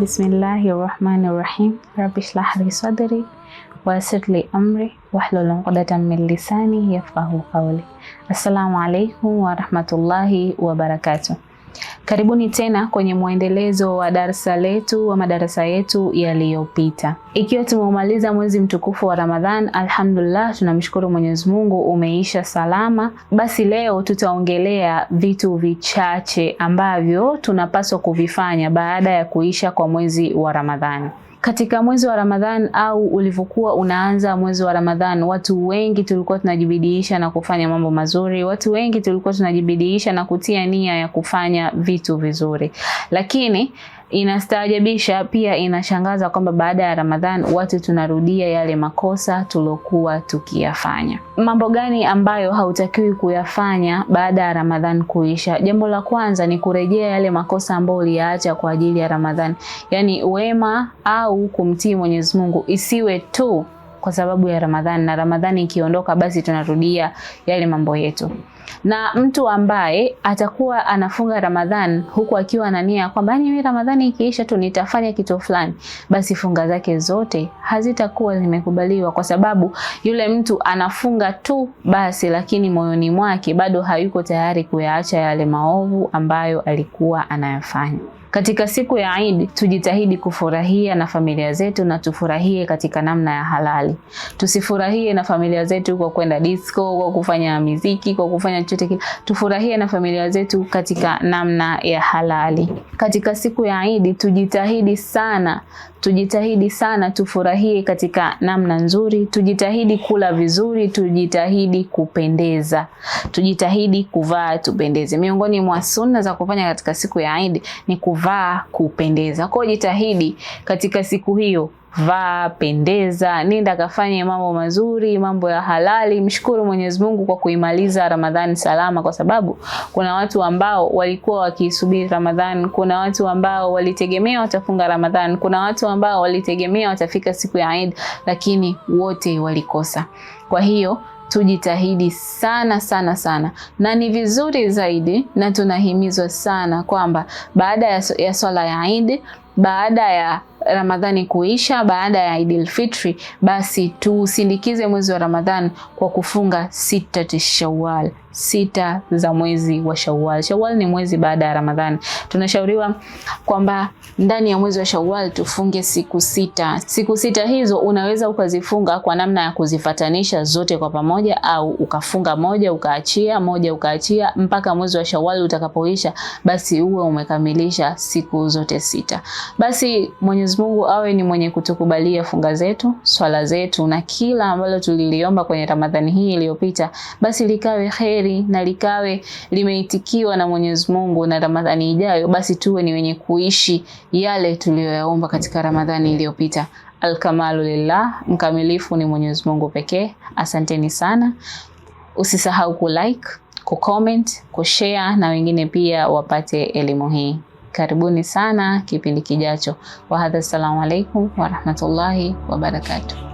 بسم الله الرحمن الرحيم رب اشرح لي صدري ويسر لي أمري واحلل عقدة من لساني يفقه قولي السلام عليكم ورحمة الله وبركاته Karibuni tena kwenye mwendelezo wa darsa letu wa madarasa yetu yaliyopita. Ikiwa tumeumaliza mwezi mtukufu wa Ramadhan, alhamdulillah, tunamshukuru Mwenyezi Mungu umeisha salama. Basi leo tutaongelea vitu vichache ambavyo tunapaswa kuvifanya baada ya kuisha kwa mwezi wa Ramadhani katika mwezi wa ramadhan au ulivyokuwa unaanza mwezi wa ramadhan watu wengi tulikuwa tunajibidiisha na kufanya mambo mazuri. Watu wengi tulikuwa tunajibidiisha na kutia nia ya kufanya vitu vizuri, lakini Inastaajabisha pia inashangaza kwamba baada ya Ramadhan watu tunarudia yale makosa tuliokuwa tukiyafanya. Mambo gani ambayo hautakiwi kuyafanya baada ya Ramadhan kuisha? Jambo la kwanza ni kurejea yale makosa ambayo uliyaacha kwa ajili ya Ramadhan, yaani wema au kumtii Mwenyezi Mungu isiwe tu kwa sababu ya Ramadhan, na Ramadhani ikiondoka basi tunarudia yale mambo yetu na mtu ambaye atakuwa anafunga Ramadhan huku akiwa na nia kwamba yaani mimi Ramadhani ikiisha tu nitafanya kitu fulani, basi funga zake zote hazitakuwa zimekubaliwa, kwa sababu yule mtu anafunga tu basi, lakini moyoni mwake bado hayuko tayari kuyaacha yale maovu ambayo alikuwa anayafanya. Katika siku ya Eid tujitahidi kufurahia na familia zetu na tufurahie katika namna ya halali. Tusifurahie na familia zetu kwa kwenda disco, kwa kufanya miziki, kwa kufanya na chochote kile, tufurahie na familia zetu katika namna ya halali. Katika siku ya Idi tujitahidi sana tujitahidi sana tufurahie katika namna nzuri, tujitahidi kula vizuri, tujitahidi kupendeza, tujitahidi kuvaa tupendeze. Miongoni mwa sunna za kufanya katika siku ya Eid ni kuvaa kupendeza. Kwa jitahidi katika siku hiyo Vaa pendeza, nenda kafanye mambo mazuri, mambo ya halali. Mshukuru Mwenyezi Mungu kwa kuimaliza Ramadhani salama, kwa sababu kuna watu ambao walikuwa wakisubiri Ramadhani, kuna watu ambao walitegemea watafunga Ramadhani, kuna watu ambao walitegemea watafika siku ya Eid, lakini wote walikosa. Kwa hiyo tujitahidi sana sana sana, na ni vizuri zaidi, na tunahimizwa sana kwamba baada ya, ya swala ya Eid, baada ya Ramadhani kuisha, baada ya Idil Fitri, basi tuusindikize mwezi wa Ramadhani kwa kufunga sita Shawwal sita za mwezi wa Shawwal. Shawwal ni mwezi baada ya Ramadhani. Tunashauriwa kwamba ndani ya mwezi wa Shawwal tufunge siku sita. Siku sita hizo unaweza ukazifunga kwa namna ya kuzifatanisha zote kwa pamoja, au ukafunga moja ukaachia moja ukaachia mpaka mwezi wa Shawwal utakapoisha, basi uwe umekamilisha siku zote sita. Basi Mwenyezi Mungu awe ni mwenye kutukubalia funga zetu, swala zetu na kila ambalo tuliliomba kwenye Ramadhani hii iliyopita, basi likawe heri heri na likawe limeitikiwa na Mwenyezi Mungu, na Ramadhani ijayo basi tuwe ni wenye kuishi yale tuliyoyaomba katika Ramadhani iliyopita. Alkamalu lillah, mkamilifu ni Mwenyezi Mungu pekee. Asanteni sana, usisahau ku ku like comment ku share na wengine pia wapate elimu hii. Karibuni sana kipindi kijacho. Wahadha, assalamu alaikum warahmatullahi wabarakatuh.